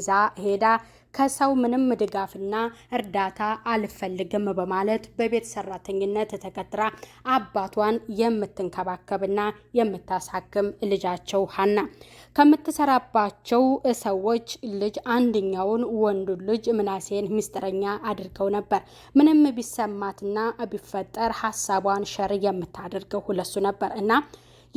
ይዛ ሄዳ ከሰው ምንም ድጋፍና እርዳታ አልፈልግም በማለት በቤት ሰራተኝነት ተከትራ አባቷን የምትንከባከብና የምታሳክም ልጃቸው ሀና ከምትሰራባቸው ሰዎች ልጅ አንደኛውን ወንዱ ልጅ ምናሴን ምስጢረኛ አድርገው ነበር። ምንም ቢሰማትና ቢፈጠር ሀሳቧን ሸር የምታደርገው ሁለሱ ነበር እና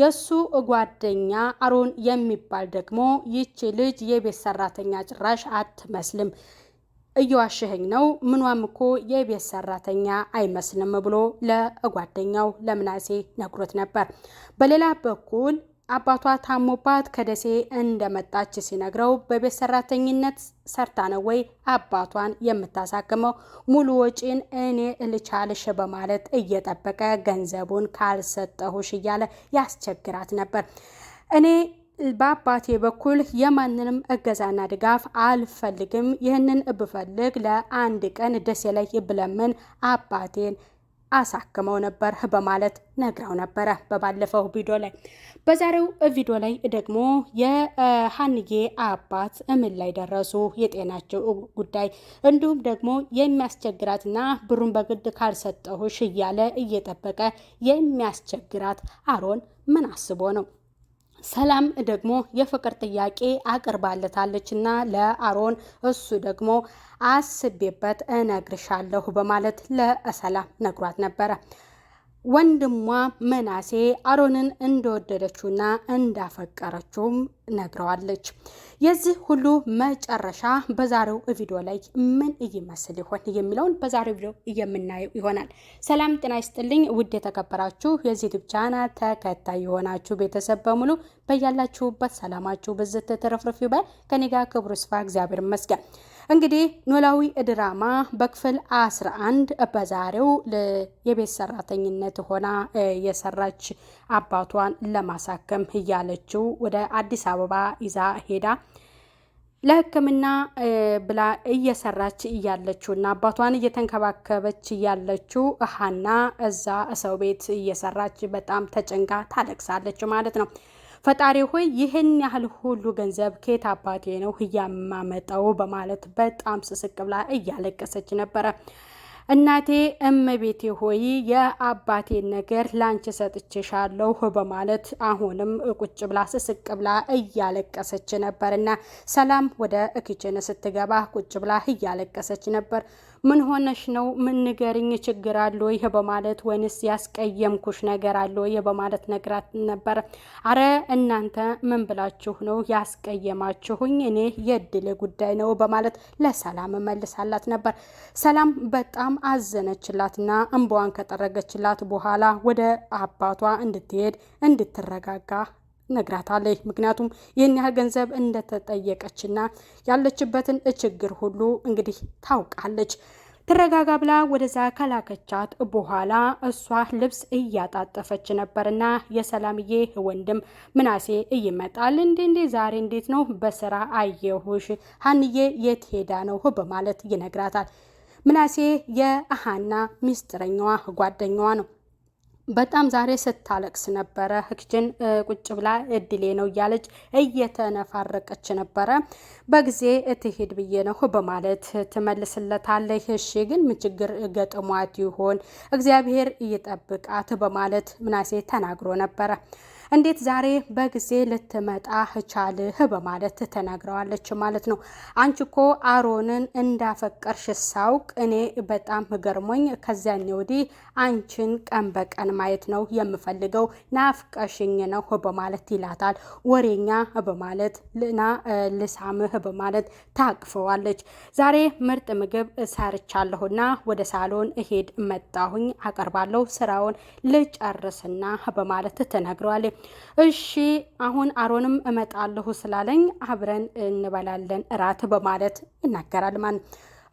የእሱ ጓደኛ አሮን የሚባል ደግሞ ይቺ ልጅ የቤት ሰራተኛ ጭራሽ አትመስልም፣ እየዋሸኸኝ ነው፣ ምኗም እኮ የቤት ሰራተኛ አይመስልም ብሎ ለጓደኛው ለምናሴ ነግሮት ነበር። በሌላ በኩል አባቷ ታሞባት ከደሴ እንደመጣች ሲነግረው በቤት ሰራተኝነት ሰርታ ነው ወይ አባቷን የምታሳክመው ሙሉ ወጪን እኔ እልቻልሽ በማለት እየጠበቀ ገንዘቡን ካልሰጠሁሽ እያለ ያስቸግራት ነበር። እኔ በአባቴ በኩል የማንንም እገዛና ድጋፍ አልፈልግም። ይህንን ብፈልግ ለአንድ ቀን ደሴ ላይ ብለምን አባቴን አሳክመው ነበር በማለት ነግራው ነበረ በባለፈው ቪዲዮ ላይ። በዛሬው ቪዲዮ ላይ ደግሞ የሀንዬ አባት እምን ላይ ደረሱ፣ የጤናቸው ጉዳይ እንዲሁም ደግሞ የሚያስቸግራትና ብሩን በግድ ካልሰጠሁሽ እያለ እየጠበቀ የሚያስቸግራት አሮን ምን አስቦ ነው? ሰላም ደግሞ የፍቅር ጥያቄ አቅርባለታለች እና ለአሮን እሱ ደግሞ አስቤበት እነግርሻለሁ በማለት ለሰላም ነግሯት ነበረ። ወንድሟ መናሴ አሮንን እንደወደደችውና እንዳፈቀረችውም ነግረዋለች። የዚህ ሁሉ መጨረሻ በዛሬው ቪዲዮ ላይ ምን ይመስል ይሆን የሚለውን በዛሬው ቪዲዮ የምናየው ይሆናል። ሰላም ጤና ይስጥልኝ ውድ የተከበራችሁ የዚህ ዩቲዩብ ቻናል ተከታይ የሆናችሁ ቤተሰብ በሙሉ በያላችሁበት ሰላማችሁ ብዝት ትርፍርፍ ይበል። ከኔ ጋር ክብሩ ስፋ እግዚአብሔር ይመስገን። እንግዲህ ኖላዊ ድራማ በክፍል 11 በዛሬው የቤት ሰራተኝነት ሆና የሰራች አባቷን ለማሳከም እያለችው ወደ አዲስ አበባ ይዛ ሄዳ ለሕክምና ብላ እየሰራች እያለችው እና አባቷን እየተንከባከበች እያለችው ሀና እዛ ሰው ቤት እየሰራች በጣም ተጨንቃ ታለቅሳለች ማለት ነው። ፈጣሪ ሆይ ይህን ያህል ሁሉ ገንዘብ ከየት አባቴ ነው እያማመጠው በማለት በጣም ስስቅ ብላ እያለቀሰች ነበረ። እናቴ እመቤቴ ሆይ የአባቴን ነገር ላንቺ ሰጥቼሻለሁ በማለት አሁንም ቁጭ ብላ ስስቅ ብላ እያለቀሰች ነበርና ሰላም ወደ እኪችን ስትገባ ቁጭ ብላ እያለቀሰች ነበር። ምን ሆነሽ ነው? ምን ንገርኝ፣ ችግር አለ ይህ በማለት ወይንስ ያስቀየምኩሽ ነገር አለ ይህ በማለት ነግራት ነበር። አረ እናንተ ምን ብላችሁ ነው ያስቀየማችሁኝ? እኔ የድል ጉዳይ ነው በማለት ለሰላም መልሳላት ነበር። ሰላም በጣም አዘነችላትና እንባዋን ከጠረገችላት በኋላ ወደ አባቷ እንድትሄድ እንድትረጋጋ ነግራታለች። ምክንያቱም ይህን ያህል ገንዘብ እንደተጠየቀችና ያለችበትን ችግር ሁሉ እንግዲህ ታውቃለች። ትረጋጋ ብላ ወደዛ ከላከቻት በኋላ እሷ ልብስ እያጣጠፈች ነበርና የሰላምዬ ወንድም ምናሴ ይመጣል። እንዴ እንዴ ዛሬ እንዴት ነው በስራ አየሁሽ፣ ሀንዬ የት ሄዳ ነው በማለት ይነግራታል። ምናሴ የአሃና ሚስጥረኛዋ ጓደኛዋ ነው። በጣም ዛሬ ስታለቅስ ነበረ። ህግጅን ቁጭ ብላ እድሌ ነው እያለች እየተነፋረቀች ነበረ። በጊዜ ትሄድ ብዬ ነው በማለት ትመልስለታለች። እሺ ግን ምን ችግር ገጥሟት ይሆን? እግዚአብሔር እየጠብቃት በማለት ምናሴ ተናግሮ ነበረ። እንዴት ዛሬ በጊዜ ልትመጣ ቻልህ? በማለት ተናግረዋለች ማለት ነው። አንቺ እኮ አሮንን እንዳፈቀርሽ ሳውቅ እኔ በጣም ገርሞኝ ከዚያኔ ወዲህ አንቺን ቀን በቀን ማየት ነው የምፈልገው፣ ናፍቀሽኝ ነው በማለት ይላታል። ወሬኛ በማለት ልና ልሳምህ በማለት ታቅፈዋለች። ዛሬ ምርጥ ምግብ ሰርቻለሁና ወደ ሳሎን እሄድ መጣሁኝ፣ አቀርባለሁ ስራውን ልጨርስና በማለት ተናግረዋለች። እሺ አሁን አሮንም እመጣለሁ ስላለኝ አብረን እንበላለን እራት በማለት ይናገራል። ማን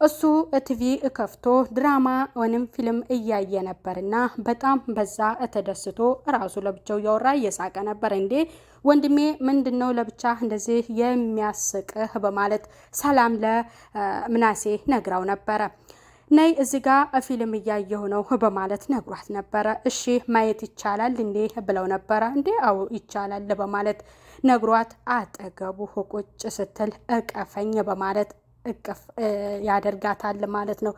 እሱ ቲቪ ከፍቶ ድራማ ወይም ፊልም እያየ ነበርና በጣም በዛ ተደስቶ ራሱ ለብቻው እያወራ እየሳቀ ነበር። እንዴ ወንድሜ ምንድን ነው ለብቻ እንደዚህ የሚያስቅህ? በማለት ሰላም ለምናሴ ነግራው ነበረ። ነይ እዚ ጋር ፊልም እያየሁ ነው በማለት ነግሯት ነበረ። እሺ ማየት ይቻላል እንዴ ብለው ነበረ። እንዴ አዎ ይቻላል በማለት ነግሯት አጠገቡ ቁጭ ስትል እቀፈኝ በማለት እቅፍ ያደርጋታል ማለት ነው።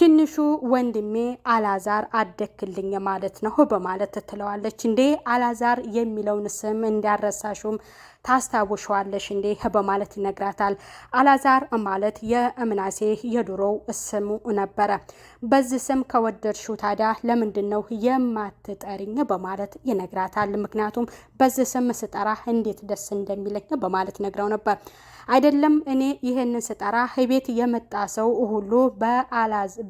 ትንሹ ወንድሜ አላዛር አደክልኝ ማለት ነው በማለት ትለዋለች። እንዴ አላዛር የሚለውን ስም እንዳረሳሹም ታስታውሸዋለሽ እንዴ በማለት ይነግራታል። አላዛር ማለት የእምናሴ የድሮው ስሙ ነበረ። በዚህ ስም ከወደድሽው ታዲያ ለምንድን ነው የማትጠሪኝ በማለት ይነግራታል። ምክንያቱም በዚህ ስም ስጠራ እንዴት ደስ እንደሚለኝ በማለት ነግረው ነበር። አይደለም እኔ ይህንን ስጠራ ቤት የመጣ ሰው ሁሉ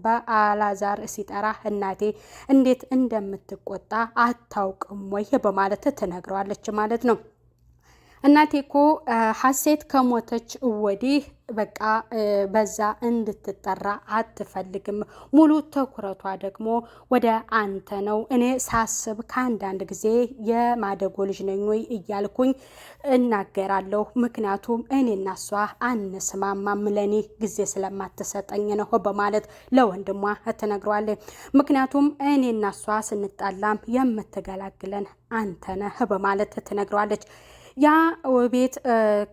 በአላዛር ሲጠራ እናቴ እንዴት እንደምትቆጣ አታውቅም ወይ በማለት ትነግረዋለች ማለት ነው። እናቴ እኮ ሀሴት ከሞተች ወዲህ በቃ በዛ እንድትጠራ አትፈልግም። ሙሉ ትኩረቷ ደግሞ ወደ አንተ ነው። እኔ ሳስብ ከአንዳንድ ጊዜ የማደጎ ልጅ ነኝ ወይ እያልኩኝ እናገራለሁ። ምክንያቱም እኔና እሷ አንስማማም፣ ለእኔ ጊዜ ስለማትሰጠኝ ነው በማለት ለወንድሟ ትነግረዋለች። ምክንያቱም እኔና እሷ ስንጣላም የምትገላግለን አንተ ነህ በማለት ትነግረዋለች። ያ ቤት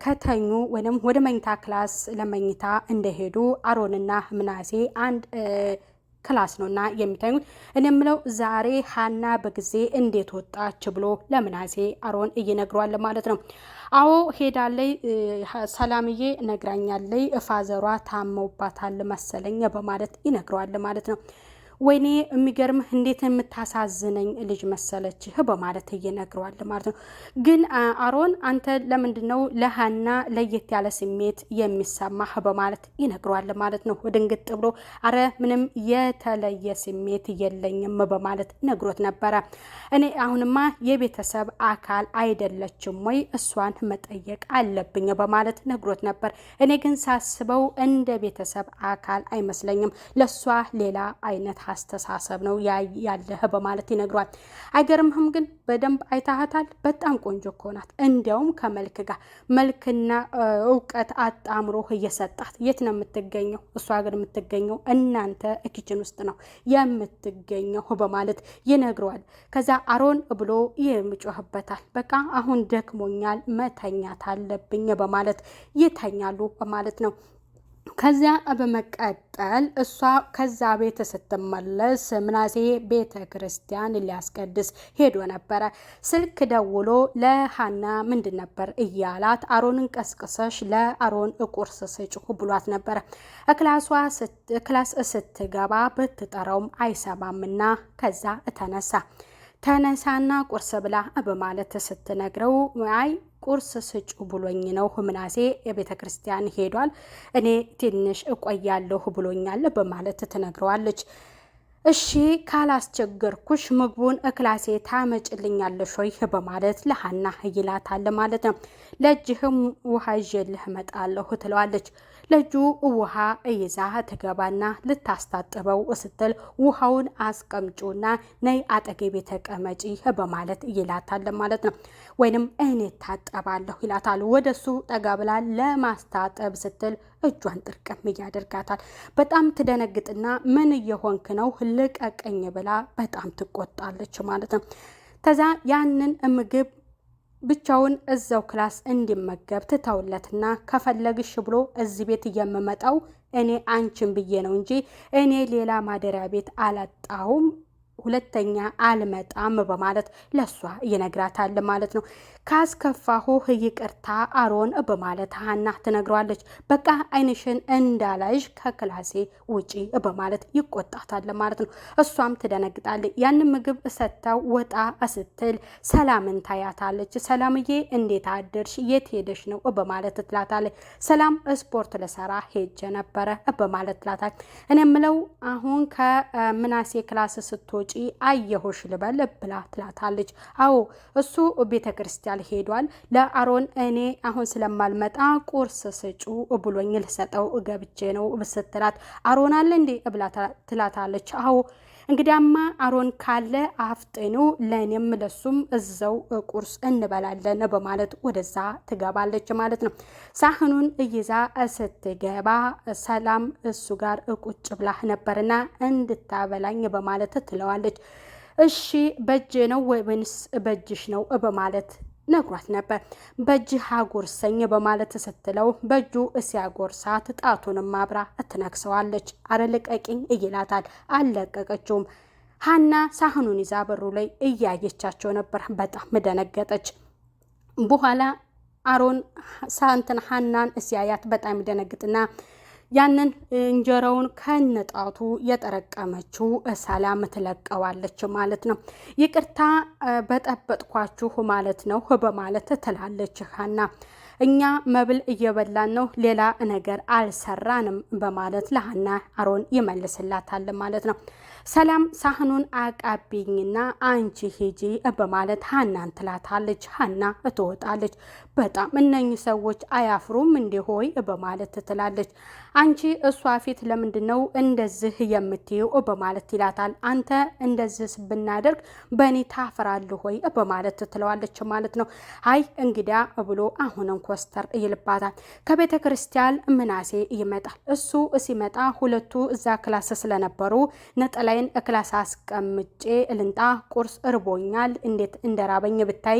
ከተኙ ወይም ወደ መኝታ ክላስ ለመኝታ እንደሄዱ አሮንና ምናሴ አንድ ክላስ ነው እና የሚተኙት። እኔ የምለው ዛሬ ሀና በጊዜ እንዴት ወጣች ብሎ ለምናሴ አሮን እየነግሯል ማለት ነው። አዎ ሄዳለይ ሰላምዬ ነግራኛለይ፣ እፋዘሯ ታመውባታል መሰለኝ በማለት ይነግረዋል ማለት ነው። ወይኔ የሚገርምህ እንዴት የምታሳዝነኝ ልጅ መሰለችህ በማለት እየነግረዋል ማለት ነው። ግን አሮን አንተ ለምንድን ነው ለሀና ለየት ያለ ስሜት የሚሰማህ በማለት ይነግረዋል ማለት ነው። ድንግጥ ብሎ አረ ምንም የተለየ ስሜት የለኝም በማለት ነግሮት ነበረ። እኔ አሁንማ የቤተሰብ አካል አይደለችም ወይ እሷን መጠየቅ አለብኝ በማለት ነግሮት ነበር። እኔ ግን ሳስበው እንደ ቤተሰብ አካል አይመስለኝም ለእሷ ሌላ አይነት አስተሳሰብ ነው ያለህ በማለት ይነግሯል። አይገርምህም ግን በደንብ አይታህታል። በጣም ቆንጆ እኮ ናት። እንዲያውም ከመልክ ጋር መልክና እውቀት አጣምሮህ እየሰጣት የት ነው የምትገኘው? እሷ ግን የምትገኘው እናንተ ኪችን ውስጥ ነው የምትገኘው በማለት ይነግረዋል። ከዛ አሮን ብሎ ይምጮህበታል። በቃ አሁን ደክሞኛል፣ መተኛት አለብኝ በማለት ይተኛሉ ማለት ነው። ከዚያ በመቀጠል እሷ ከዛ ቤት ስትመለስ ምናሴ ቤተ ክርስቲያን ሊያስቀድስ ሄዶ ነበረ። ስልክ ደውሎ ለሀና ምንድን ነበር እያላት አሮንን ቀስቅሰሽ ለአሮን ቁርስ ስጭሁ ብሏት ነበረ። ክላስ ስትገባ ብትጠራውም አይሰማምና ከዛ ተነሳ ተነሳና ቁርስ ብላ በማለት ስትነግረው አይ ቁርስ ስጩ ብሎኝ ነው ምናሴ የቤተ ክርስቲያን ሄዷል፣ እኔ ትንሽ እቆያለሁ ብሎኛል በማለት ትነግረዋለች። እሺ ካላስቸገርኩሽ ምግቡን እክላሴ ታመጭልኛለሽ ወይ በማለት ለሀና ይላታል ማለት ነው። ለእጅህም ውሃ ይዤልህ እመጣለሁ ትለዋለች። ለእጁ ውሃ እይዛ ትገባና ልታስታጥበው ስትል ውሃውን አስቀምጪውና ነይ አጠገቤ ተቀመጪ በማለት ይላታል ማለት ነው። ወይንም እኔ ታጠባለሁ ይላታል። ወደሱ ጠጋ ብላ ለማስታጠብ ስትል እጇን ጥርቅም እያደርጋታል። በጣም ትደነግጥና ምን እየሆንክ ነው ልቀቀኝ ብላ በጣም ትቆጣለች ማለት ነው። ከዛ ያንን ምግብ ብቻውን እዛው ክላስ እንዲመገብ ትተውለትና ከፈለግሽ ብሎ እዚህ ቤት የምመጣው እኔ አንቺን ብዬ ነው እንጂ እኔ ሌላ ማደሪያ ቤት አላጣሁም፣ ሁለተኛ አልመጣም በማለት ለሷ ይነግራታል ማለት ነው። ካስከፋሁህ ይቅርታ አሮን በማለት ሀና ትነግሯለች። በቃ አይንሽን እንዳላይሽ ከክላሴ ውጪ በማለት ይቆጣታል ማለት ነው። እሷም ትደነግጣለች። ያንን ምግብ ሰጥተው ወጣ ስትል ሰላምን ታያታለች። ሰላምዬ እንዴት አደርሽ? የት ሄደሽ ነው በማለት ትላታለች። ሰላም ስፖርት ለሰራ ሄጀ ነበረ በማለት ትላታለች። እኔ ምለው አሁን ከምናሴ ክላስ ስትወጪ አየሁሽ ልበል ብላ ትላታለች። አዎ እሱ ቤተክርስቲያን ሆስፒታል ሄዷል። ለአሮን እኔ አሁን ስለማልመጣ ቁርስ ስጩ ብሎኝ ልሰጠው ገብቼ ነው ብስትላት አሮን አለ እንዴ እብላ ትላታለች። አዎ እንግዲያማ አሮን ካለ አፍጥኑ፣ ለእኔም ለሱም እዛው ቁርስ እንበላለን በማለት ወደዛ ትገባለች ማለት ነው። ሳህኑን እይዛ ስትገባ ሰላም እሱ ጋር ቁጭ ብላ ነበርና እንድታበላኝ በማለት ትለዋለች። እሺ በጄ ነው ወይንስ በጅሽ ነው በማለት ነግሯት ነበር። በእጅህ አጎርሰኝ በማለት ስትለው በእጁ ሲያጎርሳት ጣቱንም አብራ ትነክሰዋለች አረልቀቂኝ ይላታል። አልለቀቀችውም። ሀና ሳህኑን ይዛ በሩ ላይ እያየቻቸው ነበር። በጣም ደነገጠች። በኋላ አሮን ሳንትን ሀናን ሲያያት በጣም ይደነግጥና ያንን እንጀራውን ከነጣቱ የጠረቀመችው ሰላም ትለቀዋለች ማለት ነው። ይቅርታ በጠበጥኳችሁ ማለት ነው በማለት ትላለች ሀና። እኛ መብል እየበላን ነው፣ ሌላ ነገር አልሰራንም በማለት ለሀና አሮን ይመልስላታል ማለት ነው። ሰላም ሳህኑን አቃቢኝና አንቺ ሂጂ በማለት ሀናን ትላታለች። ሀና ትወጣለች። በጣም እነኚህ ሰዎች አያፍሩም ሆይ በማለት ትላለች። አንቺ እሷ ፊት ለምንድን ነው እንደዚህ የምትይው በማለት ይላታል። አንተ እንደዚህ ብናደርግ በእኔ ታፍራለህ ሆይ በማለት ትለዋለች ማለት ነው። አይ እንግዳ ብሎ አሁንም ኮስተር ይልባታል። ከቤተ ክርስቲያን ምናሴ ይመጣል። እሱ ሲመጣ ሁለቱ እዛ ክላስ ስለነበሩ ነጠላይን ክላስ አስቀምጬ ልንጣ ቁርስ እርቦኛል፣ እንዴት እንደራበኝ ብታይ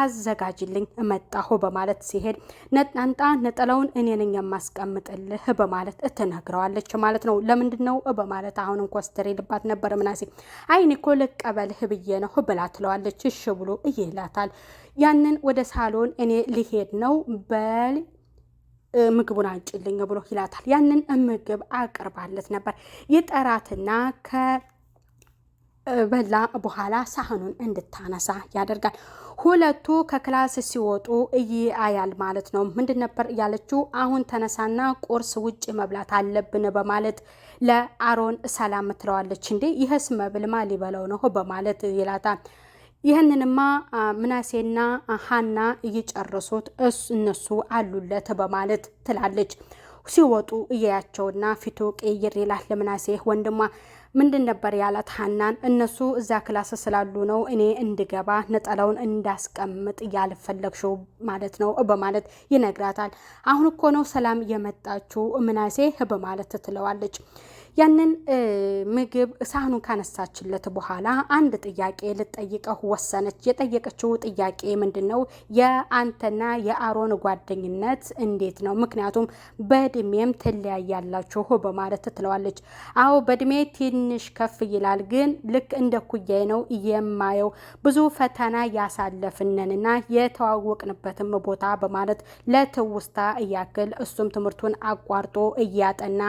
አዘጋጅልኝ እመጣሁ በማለት ሲሄድ ነጣንጣ ነጠላውን እኔ ነኝ የማስቀምጥልህ በማለት ትነግረዋለች ማለት ነው። ለምንድን ነው በማለት አሁንም ኮስተር ልባት ነበር ምናሴ። አይ እኔ እኮ ልቀበልህ ብዬ ነው ብላ ትለዋለች። እሽ ብሎ ይላታል። ያንን ወደ ሳሎን እኔ ሊሄድ ነው በል ምግቡን አንጭልኝ ብሎ ይላታል። ያንን ምግብ አቅርባለት ነበር ይጠራትና ከ በላ በኋላ ሳህኑን እንድታነሳ ያደርጋል። ሁለቱ ከክላስ ሲወጡ እያያል ማለት ነው። ምንድን ነበር ያለችው? አሁን ተነሳና ቁርስ ውጭ መብላት አለብን በማለት ለአሮን ሰላም ትለዋለች። እንዴ ይህስ መብልማ ሊበላው ነው በማለት ይላታል። ይህንንማ ምናሴና ሀና እየጨረሱት እነሱ አሉለት በማለት ትላለች። ሲወጡ እያያቸውና ፊቱ ቀይር ይላል። ለምናሴ ወንድሟ ምንድን ነበር ያላት ሀናን? እነሱ እዛ ክላስ ስላሉ ነው እኔ እንድገባ ነጠላውን እንዳስቀምጥ ያልፈለግሽው ማለት ነው በማለት ይነግራታል። አሁን እኮ ነው ሰላም የመጣችው ምናሴ በማለት ትለዋለች። ያንን ምግብ ሳህኑ ካነሳችለት በኋላ አንድ ጥያቄ ልጠይቀው ወሰነች። የጠየቀችው ጥያቄ ምንድን ነው? የአንተና የአሮን ጓደኝነት እንዴት ነው? ምክንያቱም በእድሜም ትለያያላችሁ በማለት ትለዋለች። አዎ በእድሜ ትንሽ ከፍ ይላል፣ ግን ልክ እንደ ኩያዬ ነው የማየው። ብዙ ፈተና ያሳለፍነንና የተዋወቅንበትም ቦታ በማለት ለትውስታ እያክል እሱም ትምህርቱን አቋርጦ እያጠና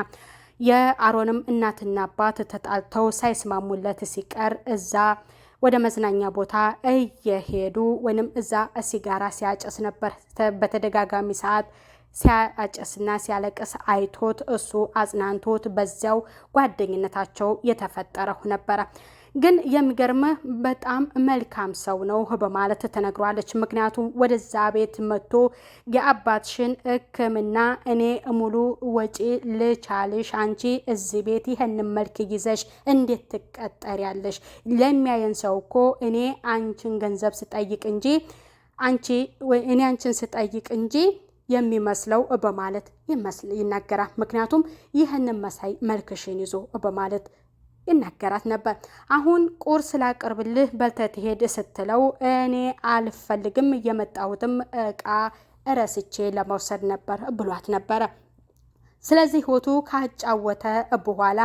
የአሮንም እናትና አባት ተጣልተው ሳይስማሙለት ሲቀር እዛ ወደ መዝናኛ ቦታ እየሄዱ ወይንም እዛ ሲጋራ ሲያጨስ ነበር። በተደጋጋሚ ሰዓት ሲያጨስና ሲያለቅስ አይቶት እሱ አጽናንቶት በዚያው ጓደኝነታቸው የተፈጠረው ነበረ። ግን የሚገርምህ በጣም መልካም ሰው ነው በማለት ተነግሯለች። ምክንያቱም ወደዛ ቤት መጥቶ የአባትሽን ሕክምና እኔ ሙሉ ወጪ ልቻልሽ፣ አንቺ እዚህ ቤት ይህን መልክ ይዘሽ እንዴት ትቀጠሪያለሽ? ለሚያየን ሰው እኮ እኔ አንቺን ገንዘብ ስጠይቅ እንጂ አንቺ እኔ አንቺን ስጠይቅ እንጂ የሚመስለው በማለት ይናገራል። ምክንያቱም ይህንን መሳይ መልክሽን ይዞ በማለት ይናገራት ነበር። አሁን ቁርስ ላቅርብልህ በልተህ ትሄድ ስትለው እኔ አልፈልግም የመጣሁትም እቃ እረስቼ ለመውሰድ ነበር ብሏት ነበረ። ስለዚህ ህይወቱ ካጫወተ በኋላ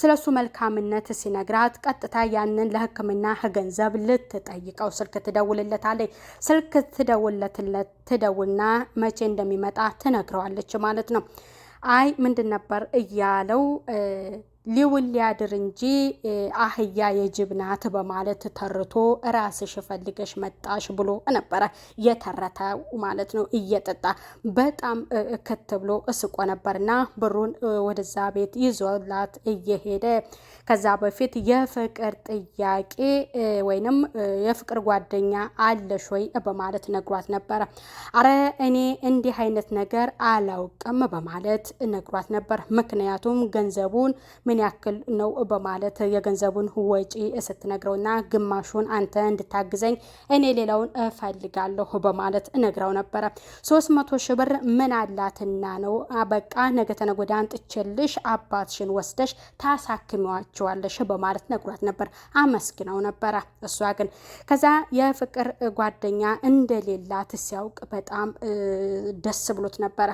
ስለሱ መልካምነት ሲነግራት ቀጥታ ያንን ለሕክምና ገንዘብ ልትጠይቀው ስልክ ትደውልለታለች። ስልክ ትደውልለትለት ትደውልና መቼ እንደሚመጣ ትነግረዋለች ማለት ነው። አይ ምንድን ነበር እያለው ሊውል ሊያድር እንጂ አህያ የጅብ ናት በማለት ተርቶ ራስሽ ፈልገሽ መጣሽ ብሎ ነበረ የተረተው ማለት ነው። እየጠጣ በጣም እክት ብሎ እስቆ ነበርና ብሩን ወደዛ ቤት ይዞላት እየሄደ ከዛ በፊት የፍቅር ጥያቄ ወይንም የፍቅር ጓደኛ አለሽ ወይ በማለት ነግሯት ነበረ። አረ እኔ እንዲህ አይነት ነገር አላውቅም በማለት ነግሯት ነበር። ምክንያቱም ገንዘቡን ምን ያክል ነው በማለት የገንዘቡን ወጪ ስትነግረውና ግማሹን አንተ እንድታግዘኝ እኔ ሌላውን እፈልጋለሁ በማለት ነግረው ነበረ። ሶስት መቶ ሺህ ብር ምን አላትና ነው በቃ ነገ ተነገ ወዲያ አንጥቼልሽ አባትሽን ወስደሽ ታሳክሚዋቸው ትወጂዋለሽ በማለት ነግሯት ነበር። አመስግነው ነበረ። እሷ ግን ከዛ የፍቅር ጓደኛ እንደሌላት ሲያውቅ በጣም ደስ ብሎት ነበረ።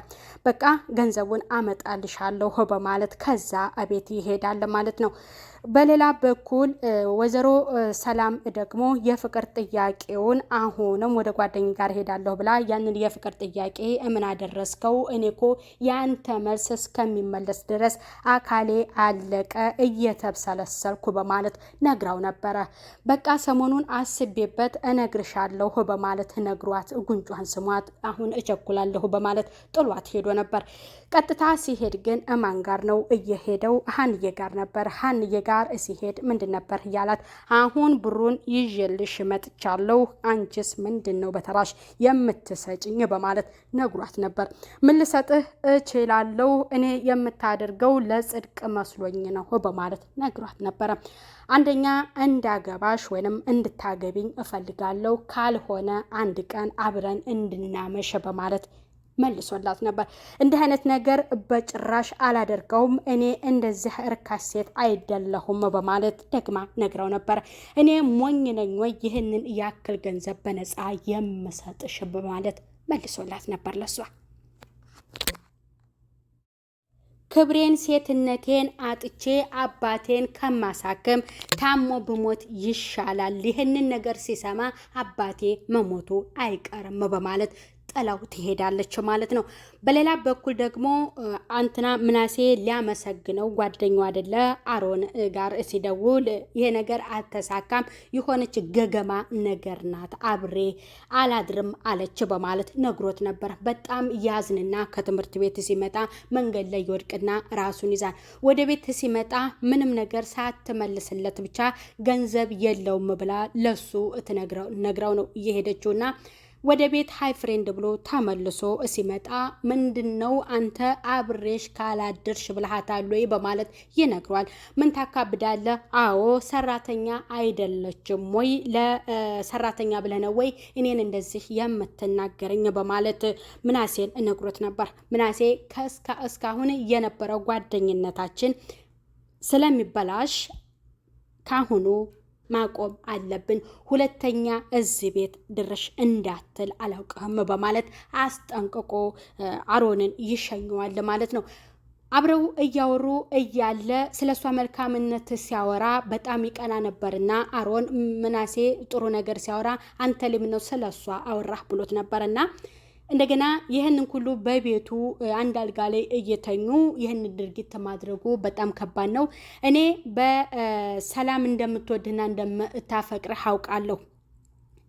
በቃ ገንዘቡን አመጣልሻለሁ በማለት ከዛ አቤት ይሄዳል ማለት ነው። በሌላ በኩል ወይዘሮ ሰላም ደግሞ የፍቅር ጥያቄውን አሁንም ወደ ጓደኝ ጋር ሄዳለሁ ብላ ያንን የፍቅር ጥያቄ እምን አደረስከው? እኔ ኮ የአንተ መልስ እስከሚመለስ ድረስ አካሌ አለቀ እየተብሰለሰልኩ በማለት ነግራው ነበረ። በቃ ሰሞኑን አስቤበት እነግርሻለሁ በማለት ነግሯት ጉንጯን ስሟት አሁን እቸኩላለሁ በማለት ጥሏት ሄዶ ነበር። ቀጥታ ሲሄድ ግን እማን ጋር ነው እየሄደው? ሀንዬ ጋር ነበር። ሀንዬ ጋር ሲሄድ ምንድን ነበር እያላት፣ አሁን ብሩን ይዤልሽ መጥቻለሁ፣ አንቺስ ምንድን ነው በተራሽ የምትሰጭኝ? በማለት ነግሯት ነበር። ምን ልሰጥህ እችላለሁ እኔ የምታደርገው ለጽድቅ መስሎኝ ነው በማለት ነግሯት ነበረ። አንደኛ እንዳገባሽ ወይንም እንድታገቢኝ እፈልጋለሁ፣ ካልሆነ አንድ ቀን አብረን እንድናመሽ በማለት መልሶላት ነበር። እንዲህ አይነት ነገር በጭራሽ አላደርገውም፣ እኔ እንደዚህ እርካስ ሴት አይደለሁም በማለት ደግማ ነግረው ነበር። እኔ ሞኝ ነኝ ወይ ይህንን ያክል ገንዘብ በነፃ የምሰጥሽ በማለት መልሶላት ነበር ለሷ ክብሬን ሴትነቴን አጥቼ አባቴን ከማሳክም ታሞ ብሞት ይሻላል። ይህንን ነገር ሲሰማ አባቴ መሞቱ አይቀርም በማለት ጥላው ትሄዳለች ማለት ነው። በሌላ በኩል ደግሞ አንትና ምናሴ ሊያመሰግነው ጓደኛው አደለ አሮን ጋር ሲደውል ይሄ ነገር አልተሳካም፣ የሆነች ገገማ ነገር ናት፣ አብሬ አላድርም አለች በማለት ነግሮት ነበር። በጣም ያዝንና ከትምህርት ቤት ሲመጣ መንገድ ላይ ይወድቅና ራሱን ይዛል። ወደ ቤት ሲመጣ ምንም ነገር ሳትመልስለት ብቻ ገንዘብ የለውም ብላ ለሱ ትነግረው ነው እየሄደችውና ወደ ቤት ሀይ ፍሬንድ ብሎ ተመልሶ ሲመጣ ምንድን ነው አንተ አብሬሽ ካላድርሽ ብልሃታል ወይ በማለት ይነግሯል። ምን ታካብዳለ? አዎ ሰራተኛ አይደለችም ወይ? ለሰራተኛ ብለህ ነው ወይ እኔን እንደዚህ የምትናገረኝ? በማለት ምናሴን እነግሮት ነበር። ምናሴ ከእስከ እስካሁን የነበረው ጓደኝነታችን ስለሚበላሽ ካሁኑ ማቆም አለብን። ሁለተኛ እዚህ ቤት ድርሽ እንዳትል አላውቅህም በማለት አስጠንቅቆ አሮንን ይሸኘዋል ማለት ነው። አብረው እያወሩ እያለ ስለ እሷ መልካምነት ሲያወራ በጣም ይቀና ነበርና አሮን ምናሴ ጥሩ ነገር ሲያወራ አንተ ሊም ነው ስለ እሷ አወራህ ብሎት ነበርና እንደገና ይህንን ሁሉ በቤቱ አንድ አልጋ ላይ እየተኙ ይህን ድርጊት ማድረጉ በጣም ከባድ ነው። እኔ በሰላም እንደምትወድና እንደምታፈቅርህ አውቃለሁ።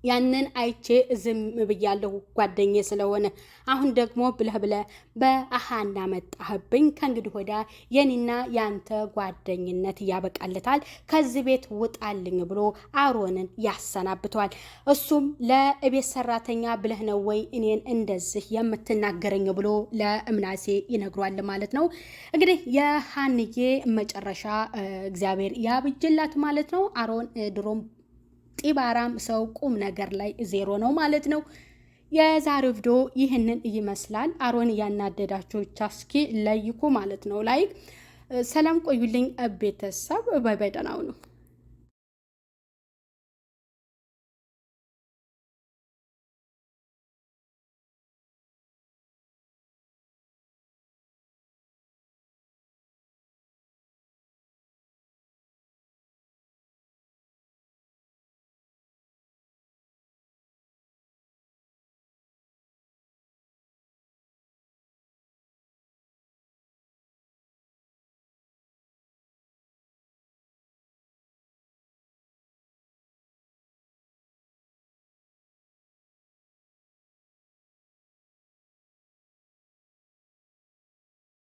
ያንን አይቼ ዝም ብያለሁ ጓደኜ ስለሆነ። አሁን ደግሞ ብለህ ብለህ በአሃና መጣህብኝ። ከእንግዲህ ወዲያ የኔና ያንተ ጓደኝነት ያበቃለታል፣ ከዚህ ቤት ውጣልኝ ብሎ አሮንን ያሰናብተዋል። እሱም ለእቤት ሰራተኛ ብለህ ነው ወይ እኔን እንደዚህ የምትናገረኝ ብሎ ለእምናሴ ይነግሯል ማለት ነው። እንግዲህ የሀንዬ መጨረሻ እግዚአብሔር ያብጅላት ማለት ነው። አሮን ድሮም ጢባራም ሰው ቁም ነገር ላይ ዜሮ ነው ማለት ነው። የዛሬው ቪዲዮ ይህንን ይመስላል። አሮን እያናደዳችሁ ቻስኪ ለይኩ ማለት ነው። ላይክ ሰላም ቆዩልኝ ቤተሰብ በበደናው ነው።